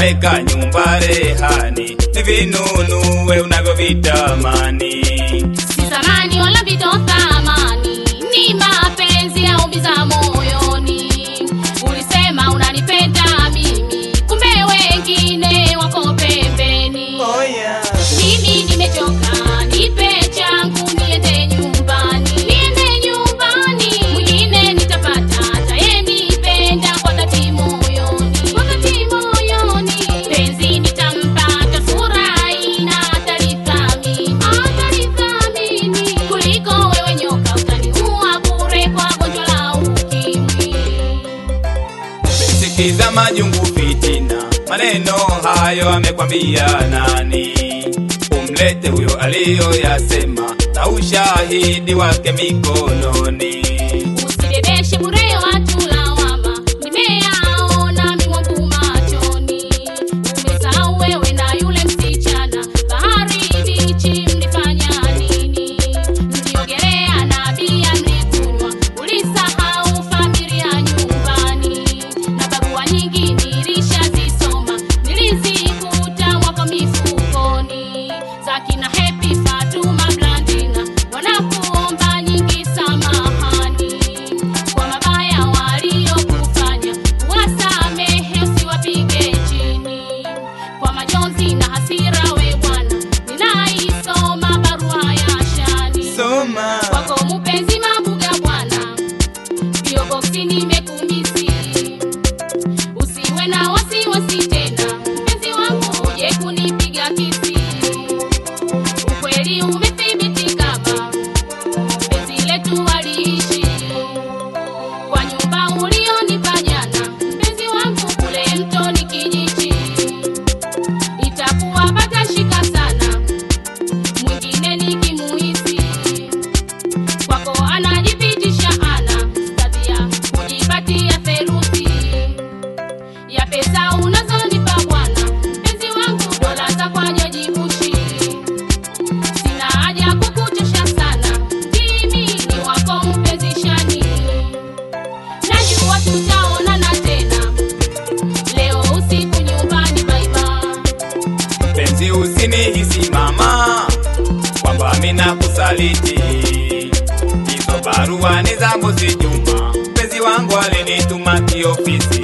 weka nyumba rehani vinunuwe unavyovitamani kuambukiza majungu fitina. Maneno hayo amekwambia nani? Umlete huyo aliyoyasema na ushahidi wake mikononi. now Amina kusaliti, hizo barua ni zangu si Juma, mpenzi wangu alinituma kiofisi,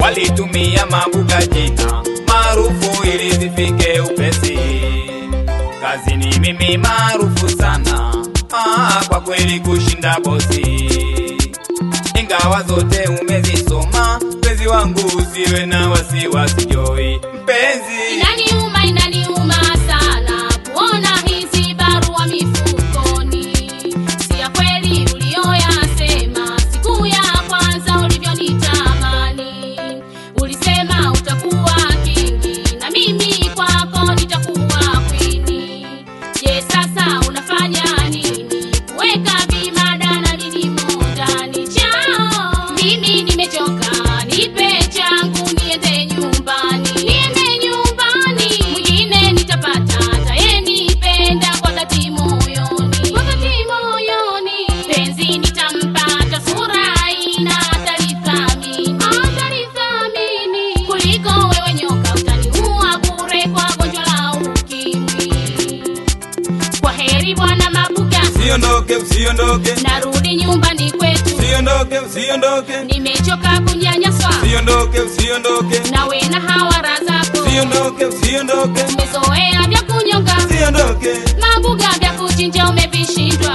walitumia mabuga jina maarufu ili zifike upesi, kazini mimi maarufu sana, ah, kwa kweli kushinda bosi, ingawa zote umezisoma, mpezi wangu usiwe na wasiwasi joi nimechoka, nipe changu niende nyumbani, niende nyumbani, mwingine nitapata, tayenipenda kwa dhati moyoni, kwa dhati moyoni, penzi nitampata, sura ina kuliko wewe nyoka, utaniua bure kwa gonjwa la ukimwi. Kwa heri Bwana Mabuga, usiondoke, usiondoke, narudi nyumbani kwetu usiondoke, usiondoke, nimechoka kunyanyaswa, usiondoke, usiondoke, nawe na hawara zako, usiondoke, usiondoke, umezoea vya kunyonga, usiondoke, mabuga vya kuchinja umevishindwa.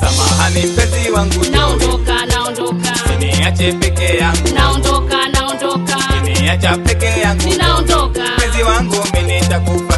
Samahani mpenzi wangu, naondoka, naondoka, niache peke yangu, naondoka, naondoka, niache peke yangu, naondoka, mpenzi wangu, mimi nitakufa